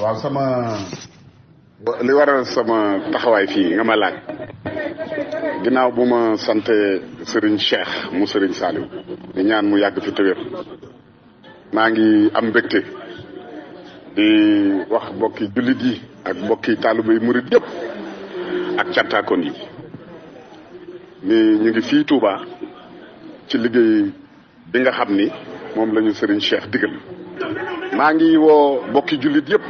waaw sama. li waral sama taxawaay fii nga ma laaj. ginnaaw bu ma sante Serigne Cheikh mu Serigne Saliou di ñaan mu yàgg fi tëwér maa ngi am mbégte di wax mbokki jullit yi ak mbokki taalibe yi murit yëpp ak cantaakoon yi ni ñu ngi fii Touba ci liggéey bi nga xam ni moom lañu ñu Serigne Cheikh maa ngi woo bokki jullit yépp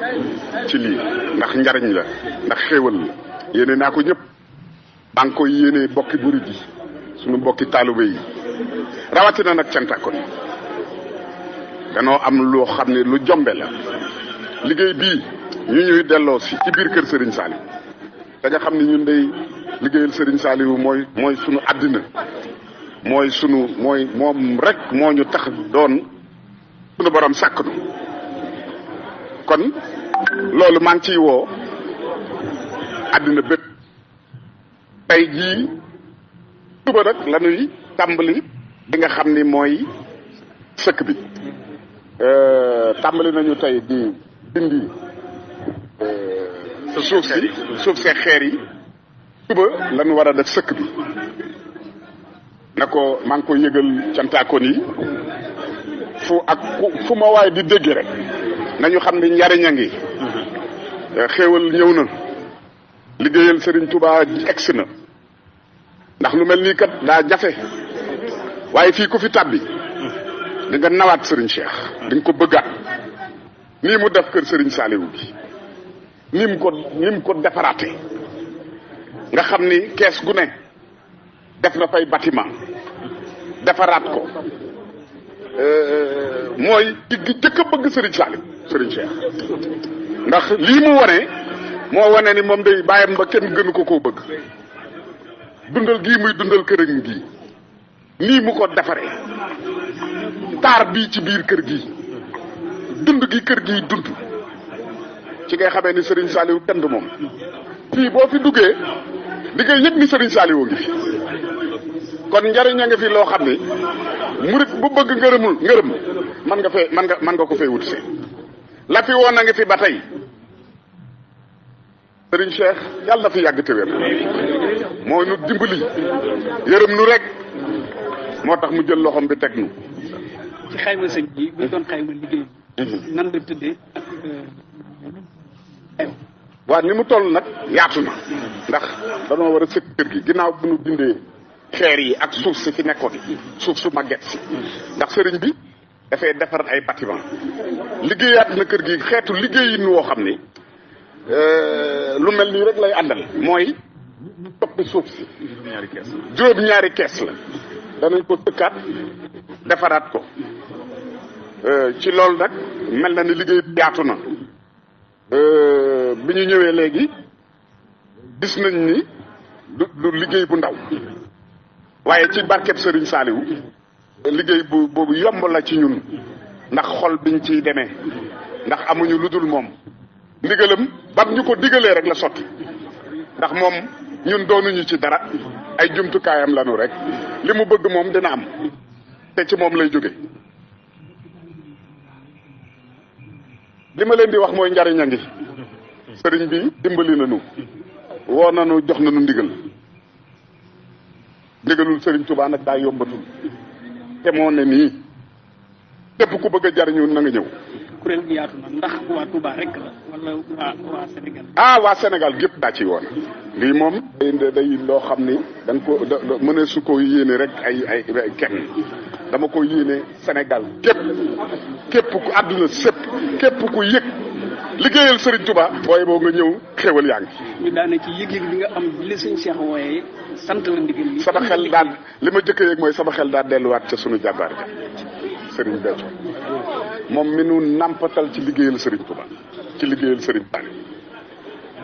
ci lii ndax njariñ la ndax xéewal la yéene naa ko ñëpp maa ngi koy yéene bokki burit yi sunu bokki taalibe yi rawatina nag cantakon yi danoo am loo xam ne lu jombe la liggéey bii ñu ñuy delloo si ci biir kër Serigne Saliou da nga xam ni ñun day liggéeyal Serigne Saliou mooy mooy sunu àddina mooy sunu mooy moom rek moo ñu tax doon sunu borom sàkk nu kon loolu maa ngi ciy woo àddina bépp tey ji suba rek la tàmbali li nga xam ni mooy sëkk bi euh, tàmbali nañu tey di dindi euh, suuf si suuf see xeer yi suba la ñu war a def sëkk bi na ko maa ngi ko yëgal cantaakoon yi fu ak fu ma waaye di dégg rek nañu xam ni njariñ a ngi xéewal ñëw na liggéeyal sëriñ Touba egsi na ndax lu mel nii kat daa jafe waaye fii ko fi tàbbi di nga nawaat sëriñ Cheikh di nga ko bëggaat nii mu def kër Serigne Saliou bi ni ko ni ko defaraate nga xam ni kees gu ne def na fay bâtiment defaraat ko euh, mooy di gi jëkk a bëgg Serigne Saliou sëriñ Cheikh ndax lii mu wane moo wane ni moom day bàyyam ba kenn gënu ko koo bëgg dundal gii muy dundal këram gii nii mu ko defaree taar bii ci biir kër gii dund gi kër gii dund ci ngay xamee ni Serigne Saliou tend moom fii boo fi duggee di ngay yëg ni Serigne Saliou ngi fi kon njariñ a nga fi loo xam ni murit bu bëgg ngërëmul ngërëm man nga fee man nga man nga ko fee wut see la fi woon a ngi fi ba tey sëriñ Cheikh yàlla na fi yàgg te wér moo nu dimbali yërëm nu rek moo tax mu jël loxom bi teg nu ci xayma sëñ bi bu doon mhm. nan la tëddee euh, waaw ni mu toll nag yaatu na ndax danoo war a sëkk kër gi ginnaaw bu nu dindee xeer yi ak suuf si fi nekkoon suuf su màgget si ndax sëriñ bi dafay defar ay bâtiment liggéeyaat na kër gi xeetu liggéeyin woo xam ni euh, lu mel nii rek lay àndal mooy toppi suuf si juróom-ñaari kees la danañ ko tëkkaat defaraat ko euh, ci loolu nag mel na ni liggéey yaatu na euh, bi ñu ñëwee léegi gis nañ ni du du liggéey bu ndaw waaye ci barkeb sëriñ Saliou liggéey bu boobu yomb na ci ñun ndax xol biñ ci demee ndax amuñu lu dul moom ndigalam bam ñu ko digalee rek la sotti ndax moom ñun doonuñu ci dara ay jumtukaayam lanu rek li mu bëgg moom dina am te ci moom lay jóge li ma leen di wax mooy njariña a ngi sëriñ bi dimbali nañu woo nañu jox nañu ndigal ndigalul sëriñ Tuubaa nag daa yombatul te moo ne nii képp ku bëgg a jariñu na nga ñëw. kuréel gi yaatu na ah waa Sénégal gépp daa ci woon lii moom. day day loo xam ni dañ ko da mën a su ko yéene rek ay ay kenn dama ko yéene senegal gépp képp ku àdduna sépp képp ku yëg. liggéeyal sëriñ tubaa waaye boo nga ñëw xéwal yaa ngi. ñu bi nga am bi la suñu sant la ndigal xel daal li ma jëkk yëg mooy sama xel daal delluwaat ca sunu jàmbaar ja Serigne Béthio moom mi nu nampatal ci liggéeyal sëriñ Touba ci liggéeyal Serigne Touba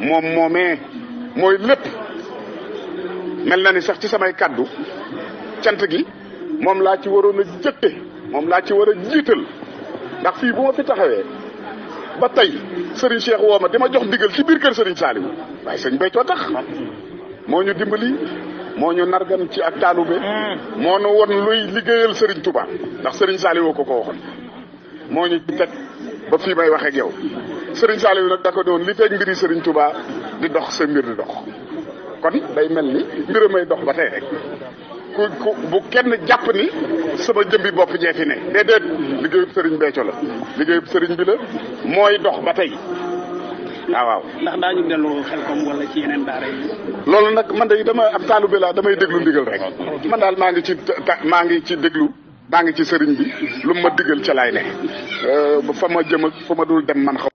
moom moomee mooy lépp mel na ni sax ci samay kàddu cant gi moom laa ci waroon a jëkke moom laa ci war a jiital ndax fii bu ma fi taxawee. ba tey Serigne Cheikh woo ma di ma jox ndigal ci biir kër Serigne Saliou waaye sëñ Béthio tax moo ñu dimbali moo ñu nargan ci ak taalube mm. moo ñu won luy liggéeyal Serigne tubaa ndax Serigne Saliou ko ko waxoon moo ñu teg ba fii may wax ak yow Serigne Saliou nag da ko doon li feeg mbiri Serigne Touba di dox sa mbir di dox kon day mel ni mbiramay dox ba tey rek. ku ku bu kenn jàpp ni sama jëmbi bopp ñee fi ne déedéet liggéeyub sëriñ Béthio la liggéeyub sëriñ bi la mooy dox ba tey waaw waaw. ndax daañu delloo xel kom wala ci yeneen daara yi. loolu nag man de dama ab taalu bi laa damay déglu ndigal rek man daal maa ngi ci maa ngi ci déglu. maa ngi ci sëriñ bi lu ma digal ca lay ne euh, fa ma jëm ak fa ma dul dem man xaw